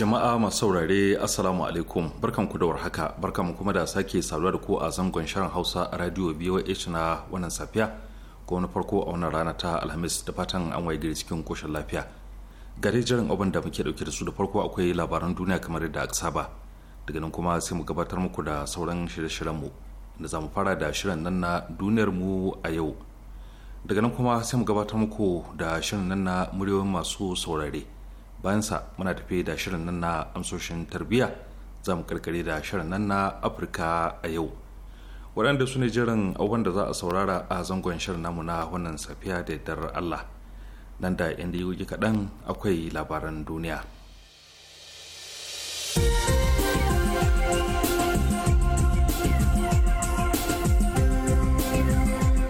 jama'a masu saurare assalamu alaikum barkan ku da warhaka barkan mu kuma da sake saduwa da ku a zangon shirin hausa a radio voh na wannan safiya ko na farko a wannan rana ta alhamis da fatan an waye gari cikin koshin lafiya gare jiran abin da muke dauke da su da farko akwai labaran duniya kamar yadda aka saba daga nan kuma sai mu gabatar muku da sauran shirye-shiryen mu da za mu fara da shirin nan na duniyar mu a yau daga nan kuma sai mu gabatar muku da shirin nan na muryoyin masu saurare bayansa muna tafi da shirin nan na amsoshin tarbiyya za mu karkare da shirin nan na afirka a yau waɗanda su ne jiran abubuwan da za a saurara a zangon shirin namu na wannan safiya da dar allah nan da yan kaɗan akwai labaran duniya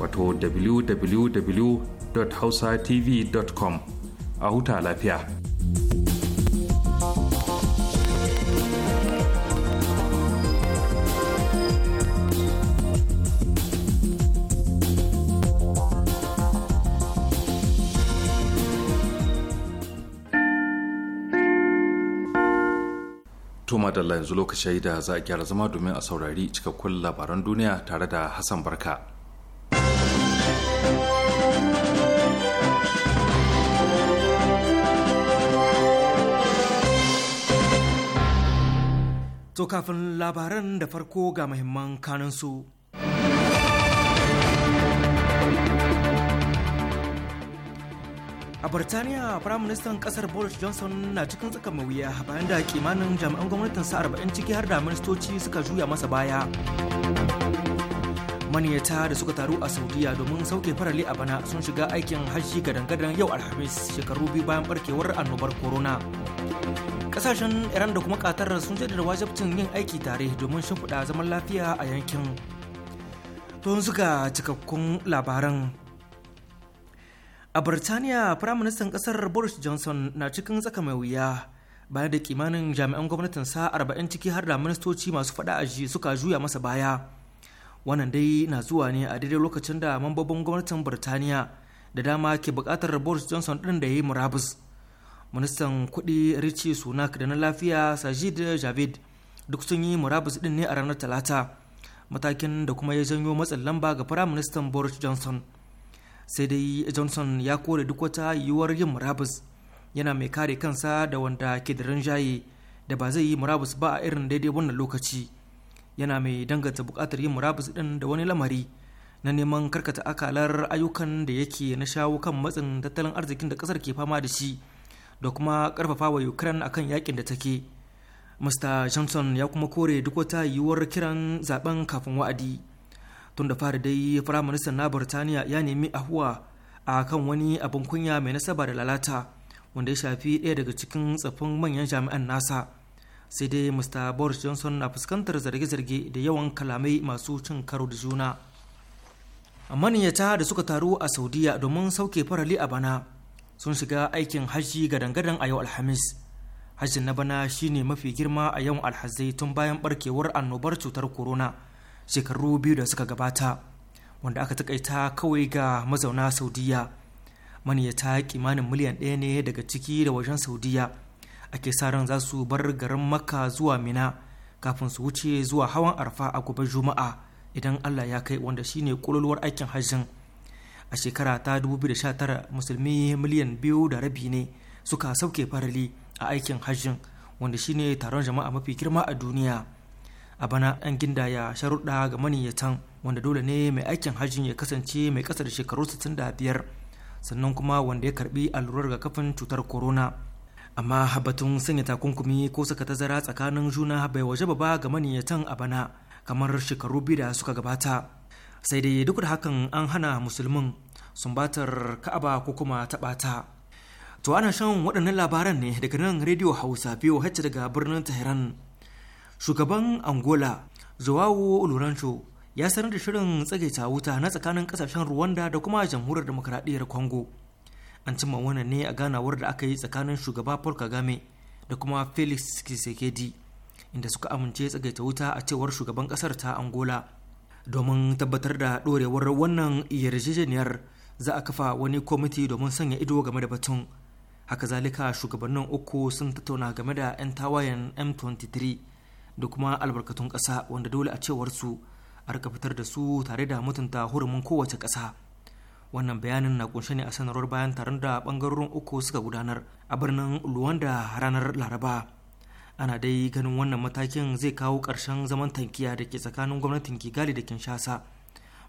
wato www.hausatv.com a huta lafiya. Tuma da yanzu lokacin da za a gyara zama domin a saurari cikakkun labaran duniya tare da Hassan Barka. To kafin labaran da farko ga muhimman su. A Birtaniya, Firaministan ƙasar Boris Johnson na cikin tsaka mai wuya bayan da kimanin jami'an gwamnatin sa arba'in ciki har da ministoci suka juya masa baya. Maniyata da suka taru a Saudiya domin sauke farali a bana sun shiga aikin hajji gadan-gadan yau Alhamis shekaru biyu bayan barkewar annobar corona. kasashen iran da kuma katar sun jaddada wajabcin yin aiki tare domin shimfiɗa zaman lafiya a yankin don zuga cikakkun labaran a birtaniya firaministan kasar boris johnson na cikin tsaka mai wuya bayan da kimanin jami'an gwamnatin sa arba'in ciki har da ministoci masu faɗa a ji suka juya masa baya wannan dai na zuwa ne a daidai lokacin da mambobin gwamnatin birtaniya da dama ke buƙatar boris johnson ɗin da ya yi murabus ministan kuɗi rici sunak da na lafiya sajid javid duk sun yi murabus din ne a ranar talata matakin da kuma ya janyo matsin lamba ga firaministan boris johnson sai dai johnson ya kore duk wata yiwuwar yin murabus yana mai kare kansa da wanda ke da rinjaye da ba zai yi murabus ba a irin daidai wannan lokaci yana mai danganta bukatar yin murabus din da wani lamari na neman karkata akalar ayyukan da yake na shawo kan matsin tattalin arzikin da ƙasar ke fama da shi da kuma karfafa wa ukraine akan yakin da take mr johnson ya kuma kore duk wata yiwuwar kiran zaben kafin wa'adi tun da fara dai firaministan na birtaniya ya nemi ahuwa a kan wani abin kunya mai nasaba da lalata wanda ya shafi ɗaya daga cikin tsaffin manyan jami'an nasa sai dai mr boris johnson na fuskantar zarge-zarge da yawan kalamai masu cin karo da juna maniyata da suka taru a saudiya domin sauke farali a bana sun shiga aikin hajji ga dangaren a yau alhamis hajjin na bana shine mafi girma a yawan alhazai tun bayan barkewar annobar cutar corona shekaru biyu da suka gabata wanda aka takaita kawai ga mazauna saudiya maniyata kimanin miliyan ɗaya ne daga ciki da wajen saudiya ake sa ran za su bar garin makka zuwa mina kafin su wuce zuwa hawan arfa a gobe juma'a idan allah ya kai wanda shine kololuwar aikin hajjin a shekara ta 2019 musulmi miliyan biyu da rabi ne suka sauke farali a aikin hajjin wanda shine taron jama'a mafi girma a duniya a bana an ginda ya sharuɗa ga maniyyatan wanda dole ne mai aikin hajjin ya kasance mai ƙasa da shekaru 65 sannan kuma wanda ya karbi allurar ga kafin cutar corona amma batun sanya takunkumi ko saka tazara tsakanin juna bai waje ba ga maniyyatan a bana kamar shekaru biyu da suka gabata sai dai duk da hakan an hana musulmin sumbatar ka'aba ko kuma taɓata to ana shan waɗannan labaran ne daga nan rediyo hausa biyu hacce daga birnin tehran shugaban angola zuwawo olurancho ya sanar da shirin tsagaita wuta na tsakanin kasashen rwanda da kuma jamhuriyar demokradiyyar congo an cimma wannan ne a ganawar da aka yi tsakanin shugaba paul kagame da kuma felix kisekedi inda suka amince tsagaita wuta a cewar shugaban kasar ta angola domin tabbatar da ɗorewar wannan yarjejeniyar za a kafa wani kwamiti domin sanya ido game da batun haka zalika shugabannin uku sun tattauna game da 'yan tawayen m23 da kuma albarkatun ƙasa wanda dole a cewar su a rika fitar da su tare da mutunta hurumin kowace ƙasa wannan bayanin na kunshe ne a sanarwar bayan taron da bangarorin uku suka gudanar a birnin luwanda ranar laraba ana dai ganin wannan matakin zai kawo ƙarshen zaman tankiya da ke tsakanin gwamnatin kigali da kinshasa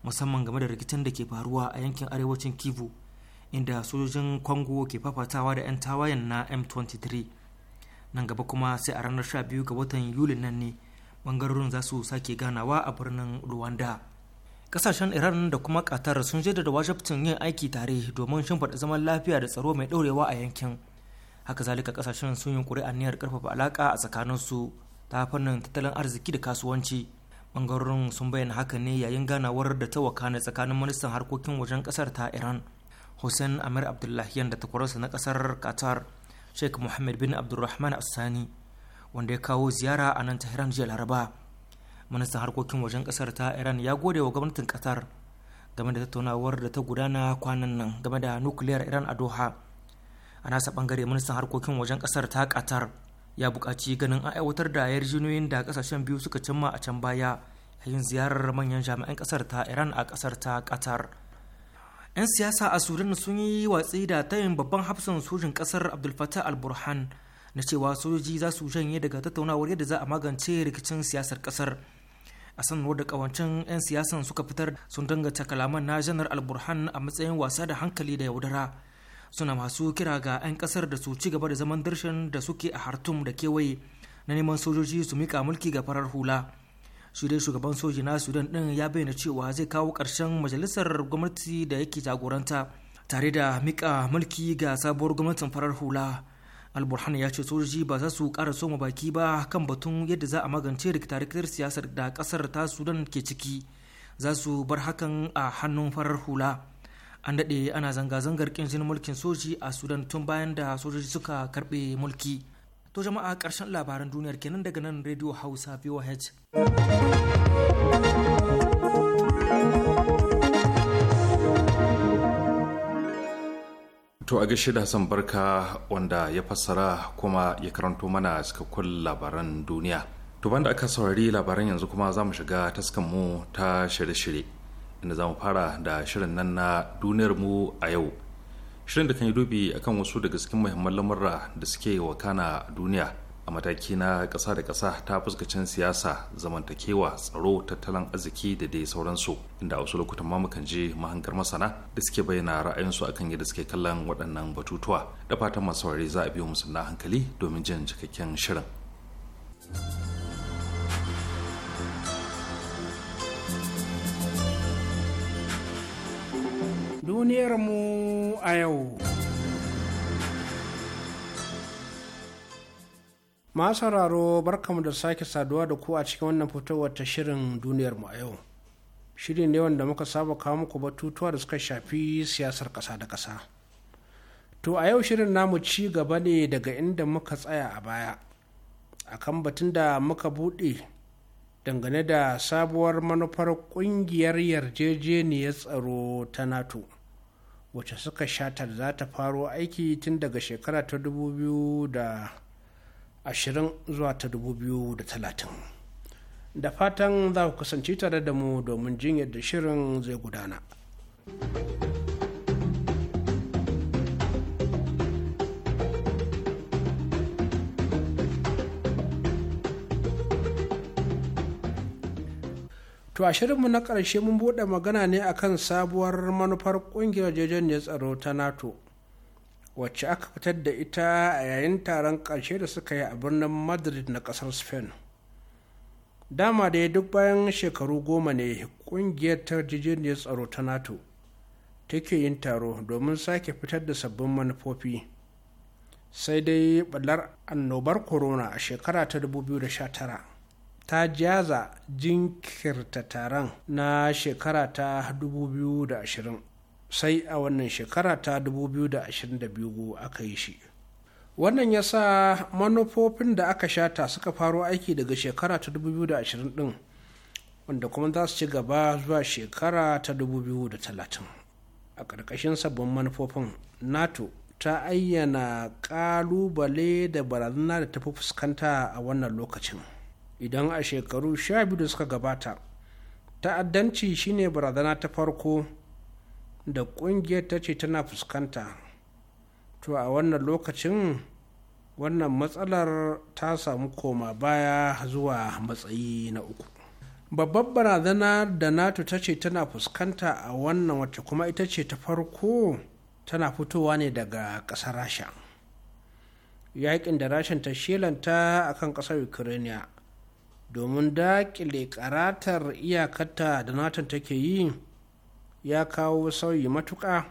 musamman game da rikicin da ke faruwa a yankin arewacin kivu inda sojojin kwango ke fafatawa da 'yan tawayen na m23 nan gaba kuma sai a ranar 12 ga watan yuli nan ne bangarorin za su sake ganawa a birnin rwanda kasashen iran da kuma katar sun jaddada wajabcin yin aiki tare domin shimfiɗa zaman lafiya da tsaro mai ɗorewa a yankin haka zalika kasashen sun kuri'a niyyar karfafa alaka a tsakanin ta fannin tattalin arziki da kasuwanci bangarorin sun bayyana haka ne yayin ganawar da ta wakana tsakanin ministan harkokin wajen kasar ta iran hussein amir abdullahian da takwararsa na kasar qatar sheikh muhammad bin abdulrahman asani wanda ya kawo ziyara a nan tehran jiya laraba ministan harkokin wajen kasar ta iran ya gode wa gwamnatin qatar game da tattaunawar da ta gudana kwanan nan game da nukiliyar iran a doha a nasa bangare ministan harkokin wajen kasar ta katar ya buƙaci ganin an aiwatar da yarjejeniyoyin da kasashen biyu suka cimma a can baya yin ziyarar manyan jami'an kasar ta iran a kasar ta katar 'yan siyasa a sudan sun yi watsi da tayin babban hafsan sojin kasar abdul fatah al na cewa sojoji za su janye daga tattaunawar yadda za a magance rikicin siyasar kasar a sanarwar da kawancin 'yan siyasan suka fitar sun danganta kalaman na janar alburhan a matsayin wasa da hankali da yaudara suna masu kira ga 'yan kasar da su ci gaba da zaman darshen da suke a hartum da kewaye na neman sojoji su mika mulki ga farar hula shi shugaban soji na sudan din ya bayyana cewa zai kawo ƙarshen majalisar gwamnati da yake jagoranta tare da mika mulki ga sabuwar gwamnatin farar hula alburhan ya ce sojoji ba za su ƙara soma baki ba kan batun yadda za a magance rikita siyasar da ƙasar ta sudan ke ciki za su bar hakan a hannun farar hula an daɗe ana zanga-zangar ƙin mulkin soji a sudan tun bayan da sojoji suka karɓe mulki to jama'a ƙarshen labaran duniyar kenan daga nan radio hausa voh to a gaishe da hassan barka wanda ya fassara kuma ya karanto mana cikakkun labaran duniya to banda aka saurari labaran yanzu kuma za mu shiga taskanmu ta shirye-shirye inda za mu fara da shirin nan na duniyar mu a yau shirin da kan yi dubi akan wasu daga cikin muhimman lamurra da suke wakana a duniya a mataki na ƙasa da ƙasa ta fuskacin siyasa zamantakewa tsaro tattalin arziki da dai sauransu inda a wasu lokutan ma mukan je mahangar masana da suke bayyana ra'ayinsu akan yadda suke kallon waɗannan batutuwa da fatan masu za a biyo musu na hankali domin jin cikakken shirin. duniyarmu a yau. masararo barkamu da sake saduwa da ku a cikin wannan fitowar ta shirin duniyarmu a yau. Shiri ne wanda muka saba kawo muku batutuwa da suka shafi siyasar ƙasa da ƙasa. To a yau shirin namu ci gaba ne daga inda muka tsaya a baya. akan batun da muka buɗe dangane da sabuwar manufar ƙungiyar yarjejeniyar tsaro ta nato wacce suka shatar za ta faro aiki tun daga shekara ta 2020 zuwa ta 2030 da fatan za ku kasance tare da mu domin jin yadda shirin zai gudana. to a shirinmu na ƙarshe mun buɗe magana ne akan sabuwar manufar ƙungiyar jejen tsaro ta nato wacce aka fitar da ita a yayin taron ƙarshe da suka yi a birnin madrid na ƙasar spain dama dai duk bayan shekaru goma ne ƙungiyar ta ne tsaro ta nato take yin taro domin sake fitar da sabbin manufofi sai dai ɓallar annobar corona a shekara ta 2019 ta jaza jinkirta taron na shekara ta 2020 sai a wannan shekara ta 2022 aka yi shi wannan ya sa manufofin da aka shata suka faro aiki daga shekara ta 2020 din wanda kuma za su ci gaba zuwa shekara ta 2030 a ƙarƙashin sabbin manufofin nato ta ayyana ƙalubale da barazana da tafi fuskanta a wannan lokacin idan a shekaru sha biyu da suka gabata ta'addanci shine barazana ta farko da kungiyar ta ce tana fuskanta to a wannan lokacin wannan matsalar ta samu koma baya zuwa matsayi na uku babbar barazana da nato ta ce tana fuskanta a wannan wata kuma ita ce ta farko tana fitowa ne daga ƙasar rasha yakin da rashin ta shelanta a kan ƙasar ukraine domin daƙile karatar iyakata da nato take yi ya kawo sauyi matuka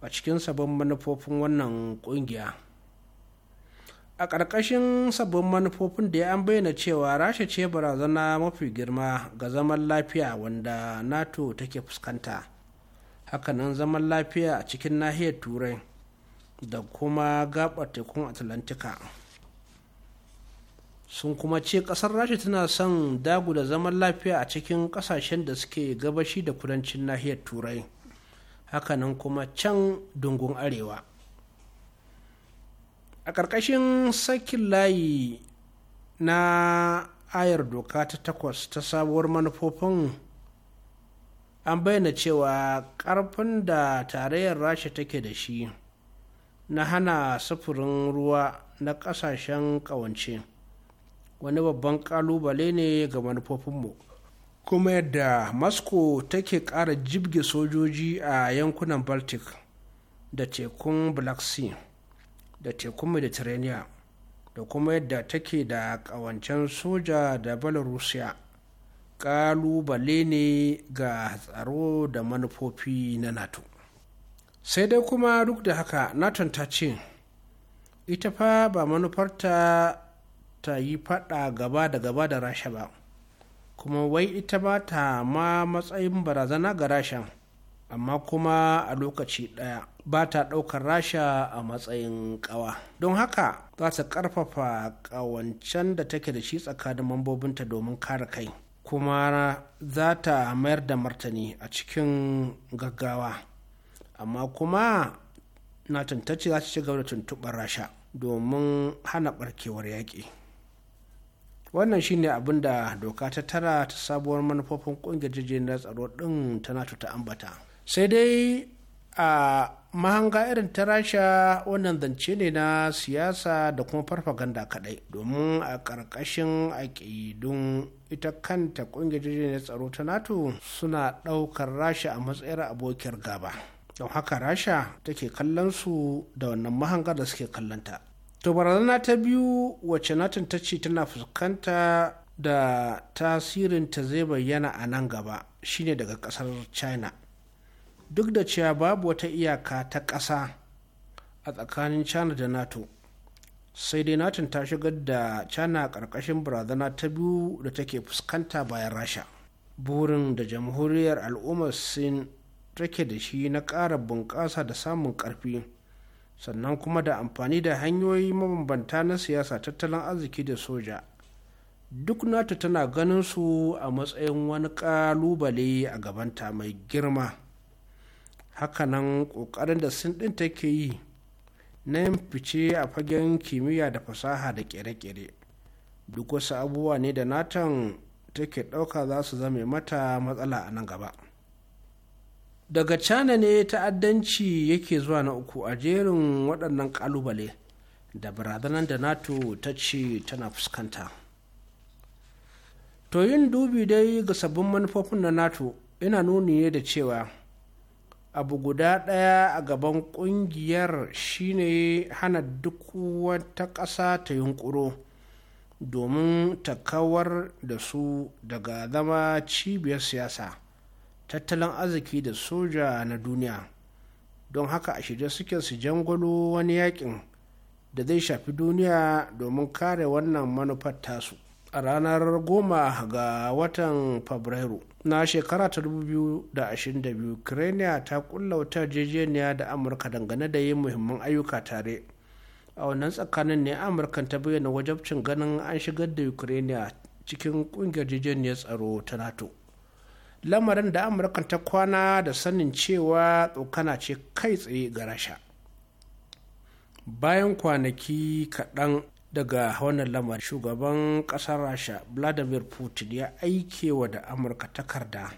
a cikin sabon manufofin wannan ƙungiya a ƙarƙashin sabbin manufofin da ya an bayyana cewa rasha ce barazana mafi girma ga zaman lafiya wanda nato take fuskanta hakanan zaman lafiya a cikin nahiyar turai da kuma gaɓar tekun atlantika sun kuma ce kasar rasha tana son dagu da zaman lafiya a cikin kasashen da suke gabashi da kudancin nahiyar turai hakanan kuma can dungun arewa a ƙarƙashin sakin layi na ayar doka ta takwas ta sabuwar manufofin an bayyana cewa ƙarfin da tarayyar rasha take da shi na hana sufurin ruwa na ƙasashen ƙawance wani babban kalubale ne ga manufofinmu kuma yadda moscow take ƙara jibge sojoji a yankunan baltic da tekun black sea da tekun mediterranean da kuma yadda take da ƙawancen soja da belarusia kalubale ne ga tsaro da manufofi na nato sai dai kuma duk da haka naton ta ce ita fa ba manufarta ta yi faɗa gaba da gaba da rasha ba kuma wai ita ba ta ma matsayin barazana ga rasha amma kuma a lokaci ɗaya ba ta ɗaukar rasha a matsayin ƙawa don haka za ta ƙarfafa ƙawancen da take da shi tsakanin mambobinta domin kare kai kuma za ta mayar da martani a cikin gaggawa amma kuma na tantace za ta ci gaba da tuntuɓar rasha domin hana ɓarkewar yaƙi wannan shine abin da doka ta tara ta sabuwar manufofin kungiyar jirgin na tsaro din ta nato ta ambata sai dai a mahanga irin ta rasha wannan zance ne na siyasa da kuma farfaganda kadai domin a ƙarƙashin aƙidun ita kanta kungiyar jirgin na tsaro ta nato suna ɗaukar rasha a matsayar abokiyar gaba don haka rasha take kallon su da wannan mahangar da suke kallonta to barazana ta biyu wacce natin ta ce tana fuskanta da tasirin ta zai bayyana a nan gaba shine daga kasar china duk da cewa babu wata iyaka ta ƙasa a tsakanin china da nato sai dai natin ta shigar da china a ƙarƙashin barazana ta biyu da take fuskanta bayan rasha burin da jamhuriyar al'ummar sin take da shi na ƙara bunƙasa da samun ƙarfi sannan kuma da amfani da hanyoyi mabambanta na siyasa tattalin arziki da soja duk nata tana ganin su a matsayin wani kalubale a gabanta mai girma hakanan kokarin da sin ɗin take yi na yin fice a fagen kimiyya da fasaha da ƙere-ƙere duk wasu abubuwa ne da natan take ɗauka za su zame mata matsala a nan gaba. daga cana ne ta'addanci yake zuwa na uku a jerin waɗannan ƙalubale da barazanar da nato ta ce tana fuskanta to yin dubi dai ga sabbin manufofin na nato ina nuni ne da cewa abu guda ɗaya a gaban ƙungiyar shine hana duk wata ƙasa ta yunƙuro domin ta kawar da su daga zama cibiyar siyasa tattalin arziki da soja na duniya don haka a shirye suke su jangwalo wani yakin da zai shafi duniya domin kare wannan manufar tasu a ranar goma ga watan fabrairu na shekara ta 2022 ukraine ta kulla wata jejeniya da amurka dangane da yin muhimman ayyuka tare a wannan tsakanin ne amurka ta bayyana wajabcin ganin an shigar da ukraine cikin kungiyar jejeniyar tsaro ta nato lamarin da amurka ta kwana da sanin cewa tsokana ce kai tsaye ga rasha bayan kwanaki kaɗan daga wannan lamar shugaban ƙasar rasha vladimir putin ya aike wa da amurka takarda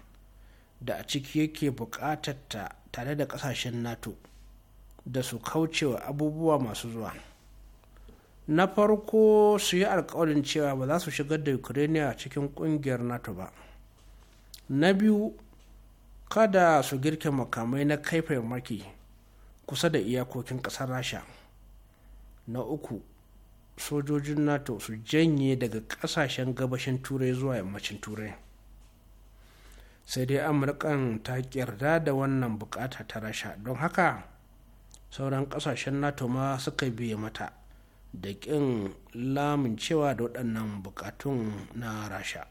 da a ciki yake buƙatar ta tare da ƙasashen nato da su kauce wa abubuwa masu zuwa na farko su yi alkawarin cewa ba za su shigar da ukraine cikin ƙungiyar nato ba na biyu kada su girke makamai na kai maki kusa da iyakokin ƙasar rasha na uku sojojin nato su janye daga ƙasashen gabashin turai zuwa yammacin turai sai dai amurkan ta yarda da wannan bukata ta rasha don haka sauran ƙasashen nato ma suka biya mata da ƙin cewa da waɗannan bukatun na rasha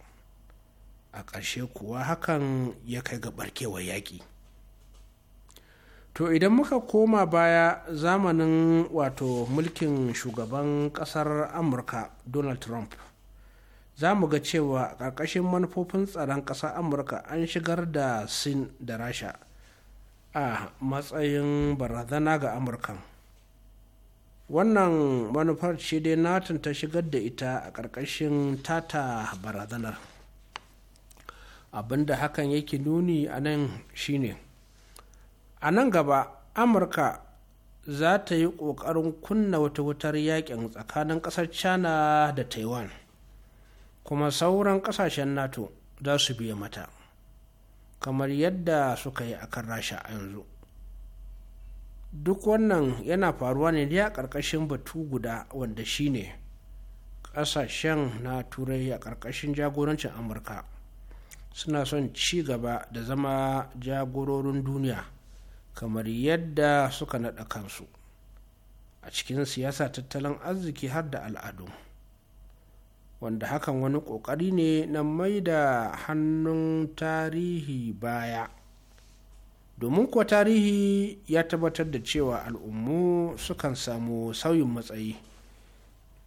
a ƙarshe kuwa hakan ya kai ga barkewar yaƙi to idan muka koma baya zamanin wato mulkin shugaban ƙasar amurka donald trump za mu ga cewa ƙarƙashin manufofin tsaron ƙasar amurka an shigar da sin da rasha a matsayin barazana ga amurka wannan manufar ce dai natin ta shigar da ita a ƙarƙashin tata barazanar abinda hakan yake nuni a nan shine a nan gaba amurka za ta yi ƙoƙarin kunna wata wutar yakin tsakanin ƙasar china da taiwan kuma sauran ƙasashen nato za su biya mata kamar yadda suka yi akan rasha a yanzu duk wannan yana faruwa ne a ƙarƙashin batu guda wanda shine ƙasashen na turai a ƙarƙashin jagorancin amurka suna son ci gaba da zama jagororin duniya kamar yadda suka naɗa kansu a cikin siyasa tattalin arziki har da al'adu wanda hakan wani ƙoƙari ne na mai da hannun tarihi baya domin kuwa tarihi ya tabbatar da cewa al'ummu sukan samu sauyin matsayi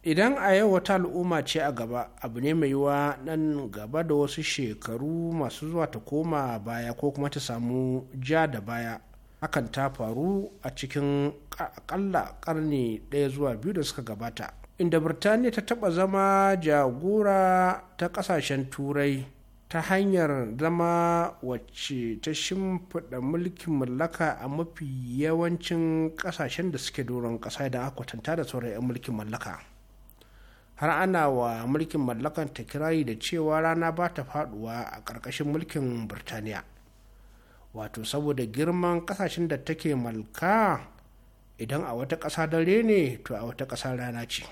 idan a yau wata al'umma ce a gaba abu ne mai yiwa nan gaba da wasu shekaru masu zuwa ta koma baya ko kuma ta samu ja da baya hakan ta faru a cikin akalla karni ɗaya zuwa biyu da suka gabata inda birtaniya ta taɓa zama jagora ta ƙasashen turai ta hanyar zama wacce ta shimfiɗa mulkin mallaka a mafi yawancin ƙasashen da suke doron ƙasa da aka kwatanta da sauran 'yan mulkin mallaka har ana wa mulkin mallakan ta kirari da cewa rana ba ta faduwa a ƙarƙashin mulkin birtaniya wato saboda girman ƙasashen da take malka idan a wata ƙasa dare ne to a wata ƙasa rana ce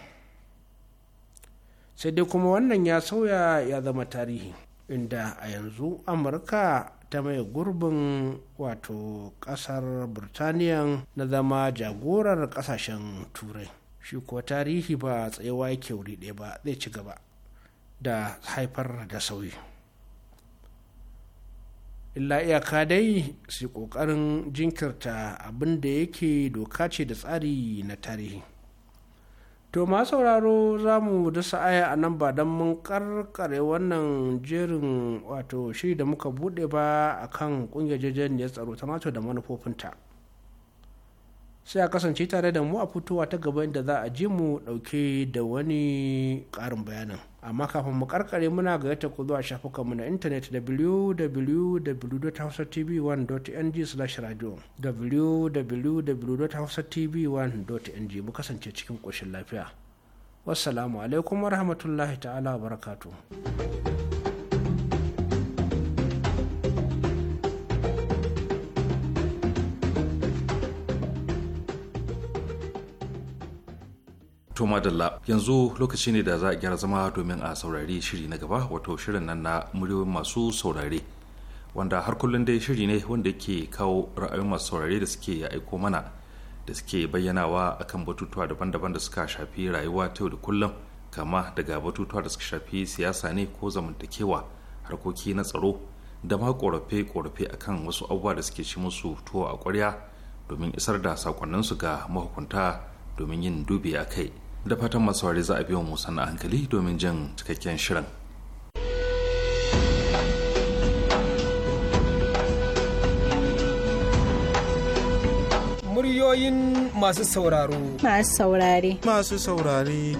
sai dai kuma wannan ya sauya ya zama tarihi inda a yanzu amurka ta mai gurbin wato ƙasar birtaniya na zama jagorar ƙasashen turai shi kuwa tarihi ba tsayawa yake wuri ɗaya ba zai ci gaba da haifar da sauyi illa iyaka dai su ƙoƙarin jinkirta abin da yake doka ce da tsari na tarihi to ma sauraro za mu dasa aya a nan ba don mun karkare wannan jerin wato shi da muka buɗe ba a akan ƙungiyar ya tsaro ta mato da manufofinta sai a kasance tare da mu a fitowa ta gaba inda za a ji mu dauke da wani karin bayanin amma kafin mu karkare muna ga yata ku zuwa shafukanmu na intanet www.hausatv1.ng/radio www.hausatv1.ng mu kasance cikin koshin lafiya wassalamu alaikum warahmatullahi ta'ala barakatuh To madalla yanzu lokaci ne da za a gyara zama domin a saurari shiri na gaba wato shirin nan na muryoyin masu saurare wanda har kullum dai shiri ne wanda yake kawo ra'ayoyin masu saurare da suke ya aiko mana da suke bayyanawa akan batutuwa daban-daban da suka shafi rayuwa ta yau da kullum kama daga batutuwa da suka shafi siyasa ne ko zamantakewa harkoki na tsaro da ma korafe-korafe akan wasu abubuwa da suke ci musu tuwo a kwarya domin isar da sakonninsu ga mahukunta domin yin dubi a kai. da fatan masu ware za a biyo mu sannan hankali domin jin cikakken shirin muryoyin masu sauraro masu saurare masu saurare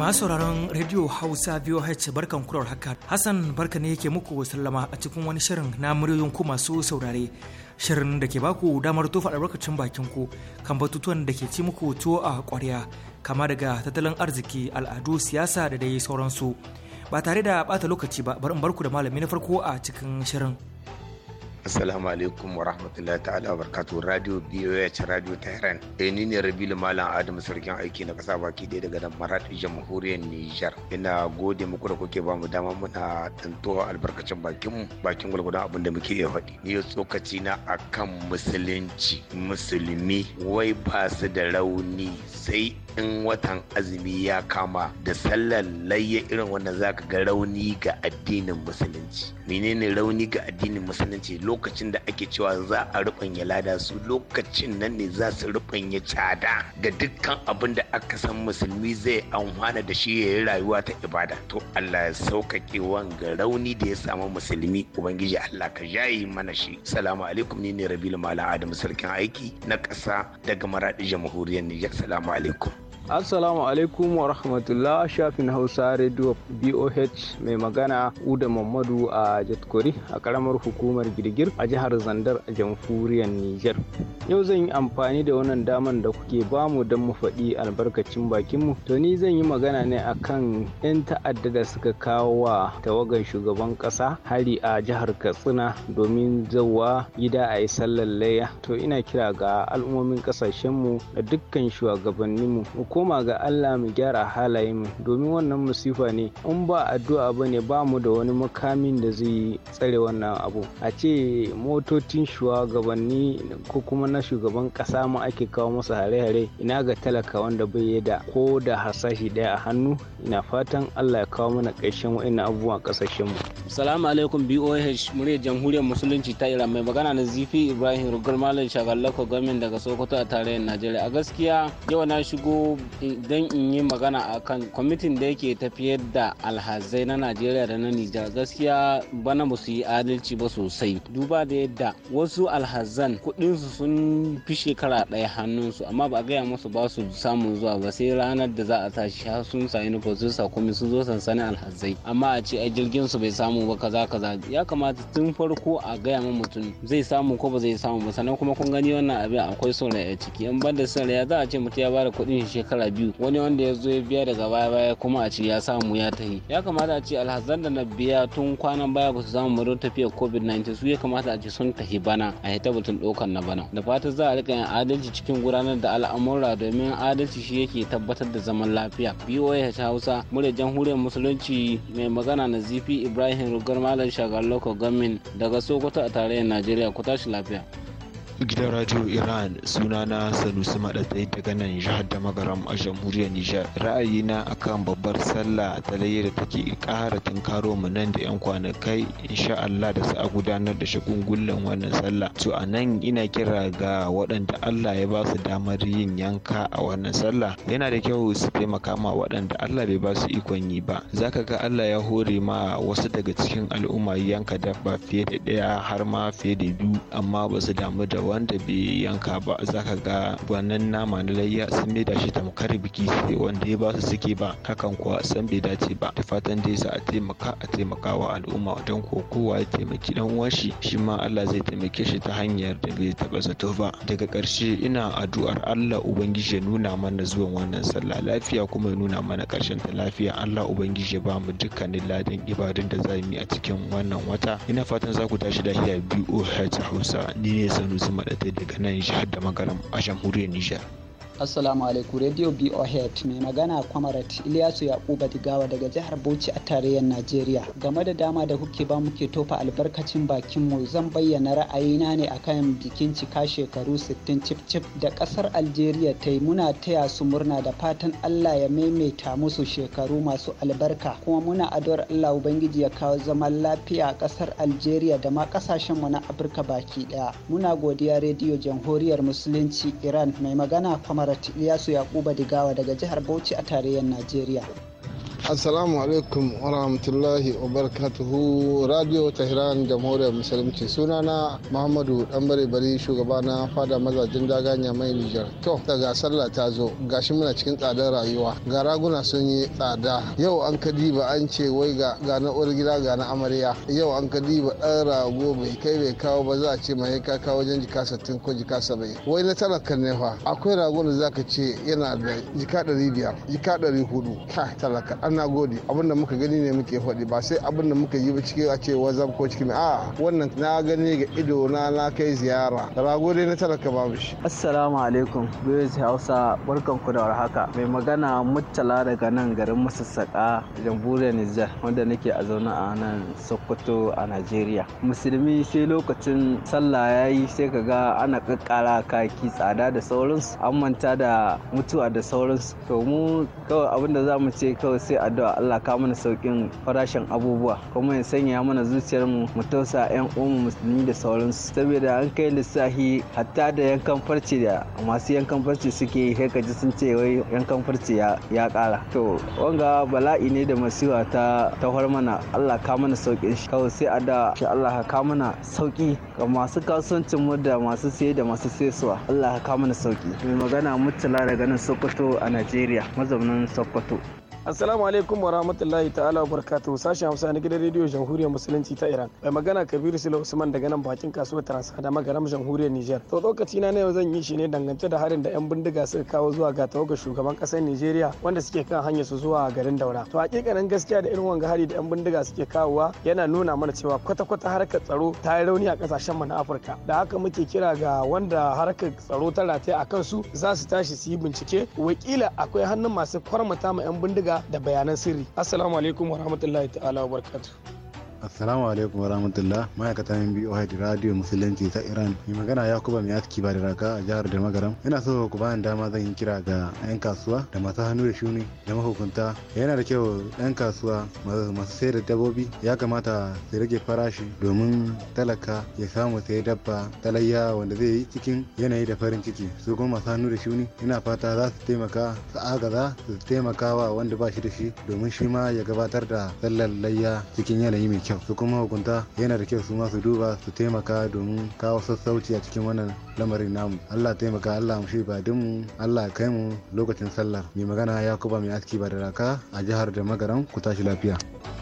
masu sauraron Radio Hausa VOH barkan kurar haka Hassan barka ne yake muku sallama a cikin wani shirin na muryoyin ku masu saurare. Shirin da ke baku damar tofa albarkacin bakin ku kan batutuwan da ke ci muku tuwo a kwarya kama daga tattalin arziki, al'adu, siyasa da dai sauransu. Ba tare da bata lokaci ba bari in barku da malami na farko a cikin shirin. Assalamu alaikum wa rahmatullahi ta'ala wa barakatuh Radio BOH Radio Tehran. Eh ni ne Rabilu Malam Adam sarkin aiki na kasa baki ɗaya daga nan Marat Jamhuriyar Nijar. Ina gode muku da kuke mu dama muna tantowa albarkacin bakin mu bakin gwalgwadon abin da muke iya faɗi. Ni tsokaci na akan musulunci musulmi wai ba su da rauni sai in watan azumi ya kama da sallar layya irin wannan zaka ga rauni ga addinin musulunci. Menene rauni ga addinin musulunci lokacin da ake cewa za a rubanya lada su lokacin nan ne za su rubanya cada ga dukkan abin da aka san musulmi zai amfana da shi yayin rayuwa ta ibada to Allah ya sauƙaƙe wanga rauni da ya samu musulmi ubangiji Allah ka jayi mana shi salamu alaikum ni ne rabilu Malam Adam sarkin aiki na ƙasa daga maraɗi jamhuriyar Nijar salamu alaikum Assalamu alaikum wa rahmatullah shafin Hausa Radio BOH mai magana Uda Mamadu a Jatkori a karamar hukumar Girgir a jihar Zandar a jamhuriyar Nijar. Yau zan yi amfani da wannan daman da kuke bamu don mu faɗi albarkacin bakinmu. To ni zan yi magana ne akan 'yan ta'adda da suka kawo wa tawagar shugaban ƙasa hari a jihar Katsina domin zauwa gida a yi sallar layya. To ina kira ga al'ummomin ƙasashenmu da dukkan shugabanninmu koma ga Allah mu gyara halaye mu domin wannan musifa ne in ba addu'a ba ne ba mu da wani makamin da zai tsare wannan abu a ce motocin shugabanni ko kuma na shugaban kasa mu ake kawo masa hare-hare ina ga talaka wanda bai yi da ko da hasashi daya a hannu ina fatan Allah ya kawo mana ƙarshen wa'annan abubuwa kasashen mu salamu alaikum BOH muryar jamhuriyar musulunci ta Iran mai magana na Zifi Ibrahim Rugar Malam Shagallako gwamnati daga Sokoto a tarayyar Najeriya a gaskiya yau na shigo don in yi magana a kan kwamitin da yake tafiyar da alhazai na najeriya da na nijar gaskiya bana ba su yi adalci ba sosai duba da yadda wasu alhazan kudinsu sun fi shekara ɗaya hannunsu amma ba a gaya musu ba su samun zuwa ba sai ranar da za a tashi shi sun sa uniform sun sa komai sun zo sansanin alhazai amma a ce a jirgin su bai samu ba kaza kaza ya kamata tun farko a gaya ma mutum zai samu ko ba zai samu ba sannan kuma kun gani wannan abin akwai son rai a ciki in banda son rai za a ce mutum ya bada kudin shi shekara biyu wani wanda ya zo ya biya daga baya baya kuma a ce ya samu ya tahi ya kamata a ce alhazan da na biya tun kwanan baya ba su samu mu tafiyar covid-19 su ya kamata a ce sun tahi bana a hita batun ɗaukar na bana da fatan za a rika yin adalci cikin gudanar da al'amura domin adalci shi yake tabbatar da zaman lafiya boa hausa murya jamhuriyar musulunci mai magana na zifi ibrahim rugar malam shagar local gamin daga sokoto a tarayyar najeriya ku tashi lafiya gidan radio iran sunana sanusi maɗatai daga nan jihar da magaram a jamhuriyar nijar na akan babbar sallah ta laye da take ƙara tunkaro mu nan da 'yan kwanakai insha allah da a gudanar da shagungullen wannan sallah to a nan ina kira ga waɗanda allah ya ba su damar yin yanka a wannan sallah yana da kyau su taimaka ma waɗanda allah bai ba su ikon yi ba zaka ga allah ya hore ma wasu daga cikin al'umma yanka dabba fiye da ɗaya har ma fiye da biyu amma ba su damu da wanda bai yanka ba za ka ga wannan nama na layya sun da shi tamkar biki sai wanda ya ba su suke ba hakan kuwa san bai dace ba da fatan dai za a taimaka a taimaka wa al'umma don ko kowa ya taimaki dan uwan shi shi ma Allah zai taimake shi ta hanyar da bai taba zato ba daga ƙarshe ina addu'ar Allah ubangiji ya nuna mana zuwan wannan sallah lafiya kuma ya nuna mana ƙarshen ta lafiya Allah ubangiji ya ba mu dukkanin ladan ibadun da za mu yi a cikin wannan wata ina fatan za ku tashi lafiya biyu Hausa ni ne Sanusi madatai daga nan jihar da magaram a jamhuriyar Nijar. Assalamu alaikum Radio BOHead mai magana Kwamarat iliyasu Yakuba Digawa daga jihar Bauchi a tarayyar Najeriya. Game da dama da kuke ba muke tofa albarkacin bakin mu zan bayyana ra'ayina ne akan bikin cika shekaru 60 cip-cip. da kasar Algeria ta yi muna taya su murna da fatan Allah ya maimaita musu shekaru masu albarka kuma muna addu'ar Allah Ubangiji ya kawo zaman lafiya a kasar Algeria da ma kasashen mu na Afirka baki daya. Muna godiya Radio Jamhuriyar Musulunci Iran mai magana Kwamarat Comrade iyasu Yakuba Digawa daga jihar Bauchi a tarayyar Najeriya. assalamu alaikum wa wa barakatuhu radio tehran jamhuriyar musulunci Suna na muhammadu danbare bari shugaba na fada mazajin daganya mai nijar to daga sallah ta zo gashi muna cikin tsadar rayuwa ga raguna sun yi tsada yau an ka diba an ce wai ga na uwar gida ga na amarya yau an ka diba dan rago bai kai bai kawo ba za a ce mai ka kawo wajen jika sattin ko jika sabai wai na talakan ne fa akwai ragon da zaka ce yana da jika ɗari biyar jika ɗari hudu ka talaka kaɗan na gode abinda muka gani ne muke faɗi ba sai abinda muka yi ba cikin a ce wazan ko cikin a wannan na gani ga ido na na kai ziyara rago dai na talaka babu shi assalamu alaikum boys hausa barkan ku da warhaka mai magana murtala daga nan garin masassaka jamhuriyar nijar wanda nake a zaune a nan sokoto a najeriya musulmi sai lokacin sallah ya yi sai ka ga ana kakkara kaki tsada da sauransu an manta da mutuwa da sauransu to mu kawai abinda za mu ce kawai sai addu'a Allah ka mana saukin farashin abubuwa kuma ya sanya mana zuciyar mu mu tausa yan uwan musulmi da sauransu saboda an kai lissafi hatta da yankan farce da masu yankan farce suke yi kai ji sun ce wai yankan farce ya kara to wanga bala'i ne da masiwa ta tawar mana Allah ka mana saukin shi kawai sai addu'a shi Allah ka mana sauki ga masu kasuwancin mu da masu saye da masu sayarwa Allah ka mana sauki mai magana mutula daga nan Sokoto a Najeriya mazaunin Sokoto Assalamu alaikum wa rahmatullahi ta'ala wa sashen Hausa na gidan rediyo Jamhuriyar Musulunci ta Iran. Mai magana Kabiru Sule Usman daga nan bakin kasuwar taransa da magaram Jamhuriyar Niger. To lokaci na yau zan yi shi ne dangance da harin da yan bindiga suka kawo zuwa ga tawagar shugaban kasar Nigeria wanda suke kan hanyar su zuwa garin Daura. To hakikanin gaskiya da irin wanga hari da yan bindiga suke kawowa yana nuna mana cewa kwata-kwata harkar tsaro ta yi rauni a kasashen mu na Afirka. Da haka muke kira ga wanda harkar tsaro ta rataye a kansu za su tashi su yi bincike wakila akwai hannun masu kwarmata ma yan bindiga da bayanan sirri assalamu alaikum warahmatullahi ta'ala wa barkatu Assalamu alaikum wa rahmatullah ma'aikatan BOH Radio Musulunci ta Iran. Mai magana Yakuba mai aski ba da raka a jihar Damagaram. yana so ku bayan dama zan yi kira ga 'yan kasuwa da masu hannu da shuni da mahukunta. Yana da kyau 'yan kasuwa masu sayar da dabbobi ya kamata su rage farashi domin talaka ya samu sai dabba talayya wanda zai yi cikin yanayi da farin ciki. Su kuma masu hannu da shuni ina fata za su taimaka su agaza su taimaka wa wanda ba shi da shi domin shi ma ya gabatar da sallar layya cikin yanayi mai kyau. kyau su kuma hukunta yana da kyau su ma su duba su taimaka domin kawo sassauci a cikin wannan lamarin namu Allah taimaka Allah mu shi mu Allah kai mu lokacin sallar mai magana Yakuba mai aski ba da raka a jihar da magaran ku tashi lafiya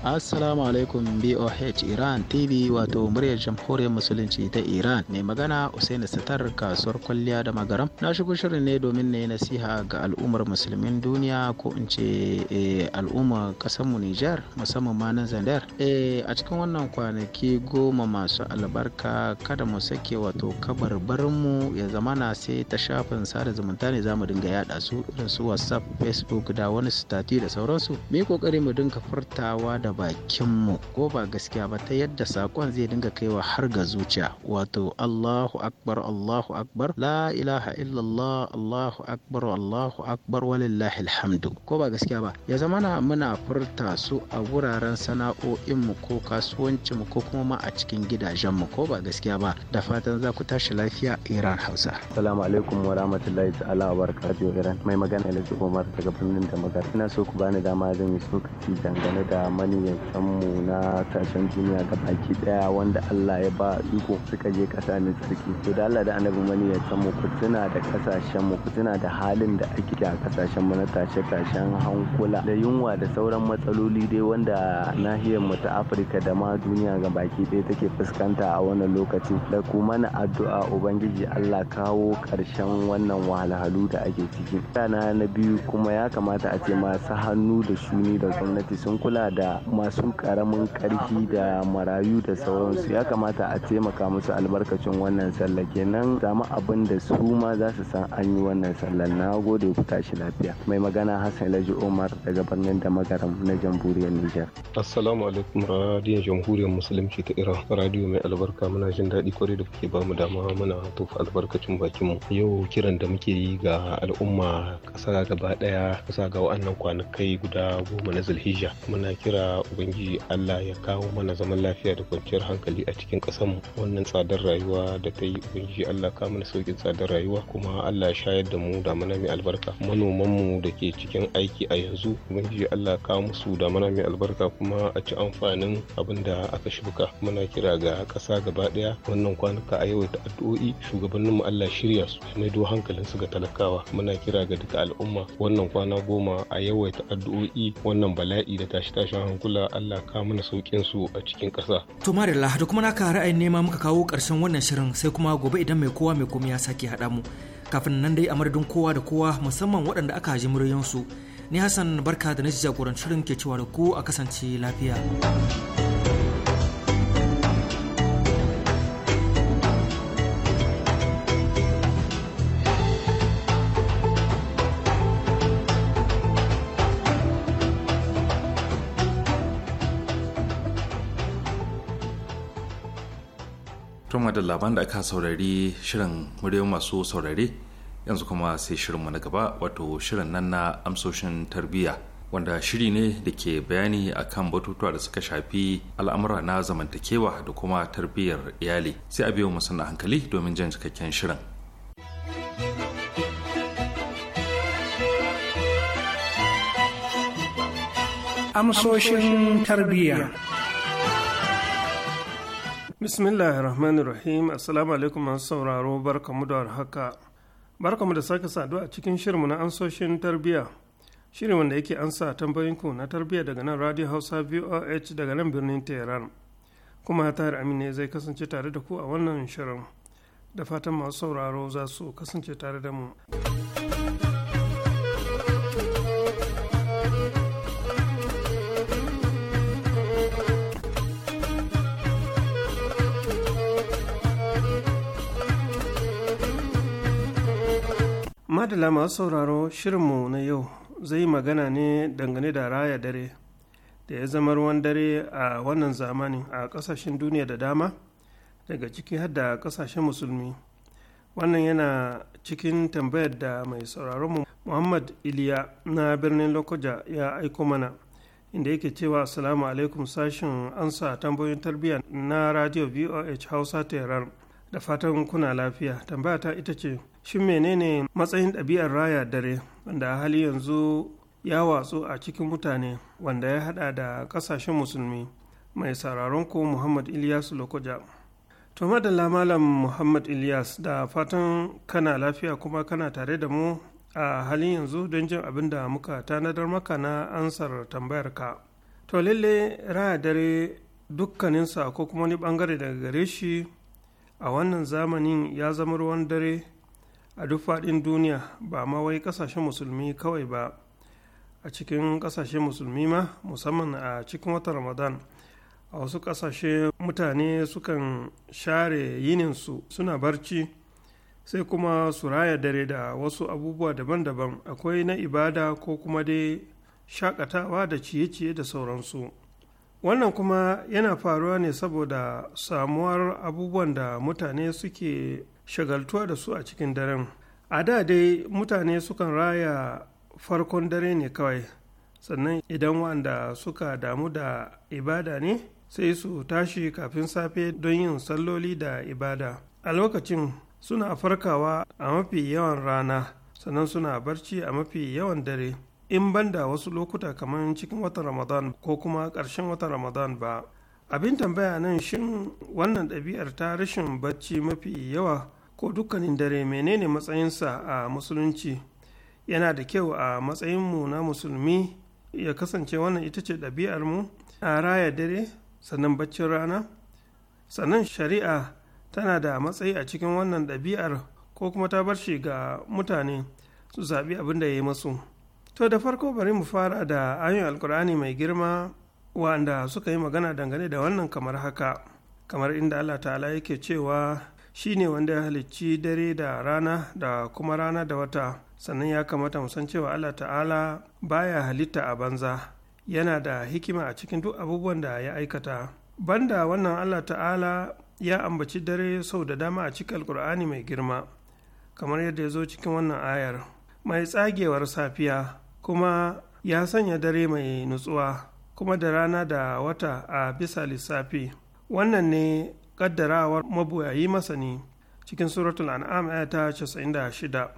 Assalamu alaikum BOH Iran TV wato muryar jamhuriyar musulunci ta Iran mai magana Usaini Satar kasuwar kwalliya da magaram na shigo shirin ne domin na yi nasiha ga al'ummar musulmin duniya ko in ce eh, al'ummar mu Nijar musamman ma nan Zandar eh, a cikin wannan kwanaki goma masu albarka kada mu sake wato kabar-barinmu ya zamana sai ta shafin sada zumunta ne zamu dinga yada su irin su whatsapp facebook da wani stati da sauransu mu yi kokari mu dinga furtawa da bakinmu ko ba gaskiya ba ta yadda sakon zai dinga kaiwa har ga zuciya wato allahu akbar allahu akbar la ilaha illallah allahu akbar allahu akbar walillahi alhamdu ko ba gaskiya ba ya zamana muna furta su a wuraren sana'o'in mu ko kasuwancinmu ko kuma ma a cikin gidajenmu ko ba gaskiya ba da fatan za ku tashi lafiya iran hausa salamu alaikum wa rahmatullahi ta'ala wa barakatuhu iran mai magana da umar daga birnin da magar ina so ku bani dama zan yi sokaci dangane da maniyantan mu na sashen duniya ga baki daya wanda Allah ya ba iko suka je kasa mai tsarki to da Allah da annabi maniyantan mu ku tuna da kasashen mu ku tuna da halin da ake a kasashen mu na tashe tashen hankula da yunwa da sauran matsaloli dai wanda nahiyar mu ta Afirka afirka da ma duniya ga baki ɗaya take fuskanta a wannan lokaci da kuma na addu'a ubangiji allah kawo ƙarshen wannan wahalhalu da ake ciki sana na biyu kuma ya kamata a ce masu hannu da shuni da gwamnati sun kula da masu ƙaramin ƙarfi da marayu da sauransu ya kamata a taimaka musu albarkacin wannan sallah kenan samu abin da su ma za su san an yi wannan sallah na gode ku tashi lafiya mai magana hassan laji umar daga birnin da magaram na jamhuriyar niger assalamu alaikum radiyon jamhuriyar musulunci ta iran radiyo mai albarka muna jin daɗi kwarai da kuke bamu dama muna tofa albarkacin bakinmu yau kiran da muke yi ga al'umma ƙasa gaba ɗaya kusa ga wa'annan kwanakai guda goma na zulhijja muna kira ubangiji allah ya kawo mana zaman lafiya da kwanciyar hankali a cikin ƙasarmu wannan tsadar rayuwa da ta yi ubangiji allah kawo mana sauƙin tsadar rayuwa kuma allah shayar da mu da mana mai albarka manomanmu da ke cikin aiki a yanzu ubangiji allah kawo musu da mana mai albarka kuma a ci amfanin abin da aka shuka muna kira ga ƙasa gaba ɗaya wannan kwanuka a yawaita addu'o'i shugabannin mu Allah shirya su do hankalin su ga talakawa muna kira ga duka al'umma wannan kwana goma a yawaita addu'o'i wannan bala'i da tashi tashin hankula Allah ka mana saukin su a cikin ƙasa. To Marilla da kuma naka ra'ayin nema muka kawo karshen wannan shirin sai kuma gobe idan mai kowa mai komai ya sake hada mu. Kafin nan dai a madadin kowa da kowa musamman waɗanda aka ji su Ni Hassan barka da na jagorancin shirin ke cewa da ku a kasance lafiya. da labar da aka saurari shirin muryar masu saurare yanzu kuma sai shirinmu na gaba wato shirin nan na amsoshin tarbiyya wanda shiri ne da ke bayani akan batutuwa da suka shafi al'amura na zamantakewa da kuma tarbiyyar iyali sai a biyo musamman hankali domin jan cikakken shirin. amsoshin tarbiyya. bismillahir rahmanir rahim assalamu alaikum masu sauraro barkamu da haka barkamu da sake saduwa a cikin shirinmu na ansoshin tarbiyya shirin wanda yake ansa tambayinku na tarbiyya daga nan radio hausa voh daga nan birnin tehran kuma tahir amin ne zai kasance tare da ku a wannan shirin da fatan masu sauraro za su kasance tare da mu. madala masu sauraro shirinmu na yau zai magana ne dangane da raya dare da ya zama ruwan dare a wannan zamanin a ƙasashen duniya da dama daga ciki har da kasashen musulmi wannan yana cikin tambayar da mai sauraronmu muhammad iliya na birnin lokoja ya aiko mana inda yake cewa assalamu alaikum sashin ansa tambayoyin tarbiyya na radio voh hausa tehran da fatan kuna lafiya tambaya ta ita ce shin menene matsayin ɗabi'ar raya dare wanda a hali yanzu ya watsu a cikin mutane wanda ya hada da ƙasashen musulmi mai sauraron ko muhammad ilyas lokoja to madalla malam muhammad ilyas da fatan kana lafiya kuma kana tare da mu a halin yanzu don jin abin da muka tanadar maka na ansar tambayar ka to lalle raya dare dukkaninsa ko kuma wani bangare daga gare shi a wannan zamanin ya zama ruwan dare a duk faɗin duniya ba ma wai ƙasashen musulmi kawai ba a cikin ƙasashen musulmi ma musamman a cikin watan ramadan a wasu ƙasashe mutane sukan share yininsu suna barci sai kuma su raya dare da wasu abubuwa daban-daban akwai na ibada ko kuma dai shakatawa da ciye-ciye da sauransu wannan kuma yana faruwa ne saboda samuwar abubuwan da mutane suke shagaltuwa da su a cikin daren a da dai mutane sukan raya farkon dare ne kawai sannan idan wanda suka damu da ibada ne sai su tashi kafin safe don yin salloli da ibada a lokacin suna farkawa a mafi yawan rana sannan suna barci a mafi yawan dare in banda wasu lokuta kamar cikin watan ramadan ko kuma ƙarshen watan ramadan ba abin tambaya nan shin wannan ɗabi'ar ta rashin bacci mafi yawa ko dukkanin dare menene matsayinsa a musulunci yana da kyau a matsayinmu na musulmi ya kasance wannan ita ce ɗabi'armu a raya dare sannan baccin rana sannan shari'a tana da matsayi a cikin wannan ɗabi'ar ko kuma ta bar shi ga mutane su zaɓi abin da ya yi masu to da farko bari mu fara da ayoyin alkur'ani mai girma wanda suka yi magana dangane da wannan kamar haka kamar inda allah ta'ala yake cewa Shi ne wanda ya halicci dare da rana da kuma rana da wata sannan ya kamata mu san cewa Allah ta'ala baya halitta a banza yana da hikima a cikin duk abubuwan da ya aikata banda wannan Allah ta'ala ya ambaci dare sau da dama a cikin alkur'ani mai girma kamar yadda ya zo cikin wannan ayar mai tsagewar safiya kuma ya sanya dare mai nutsuwa kuma da rana da wata a bisa lissafi wannan ne kaddarawar mabuyayi masani cikin suratul an'am aya ta 96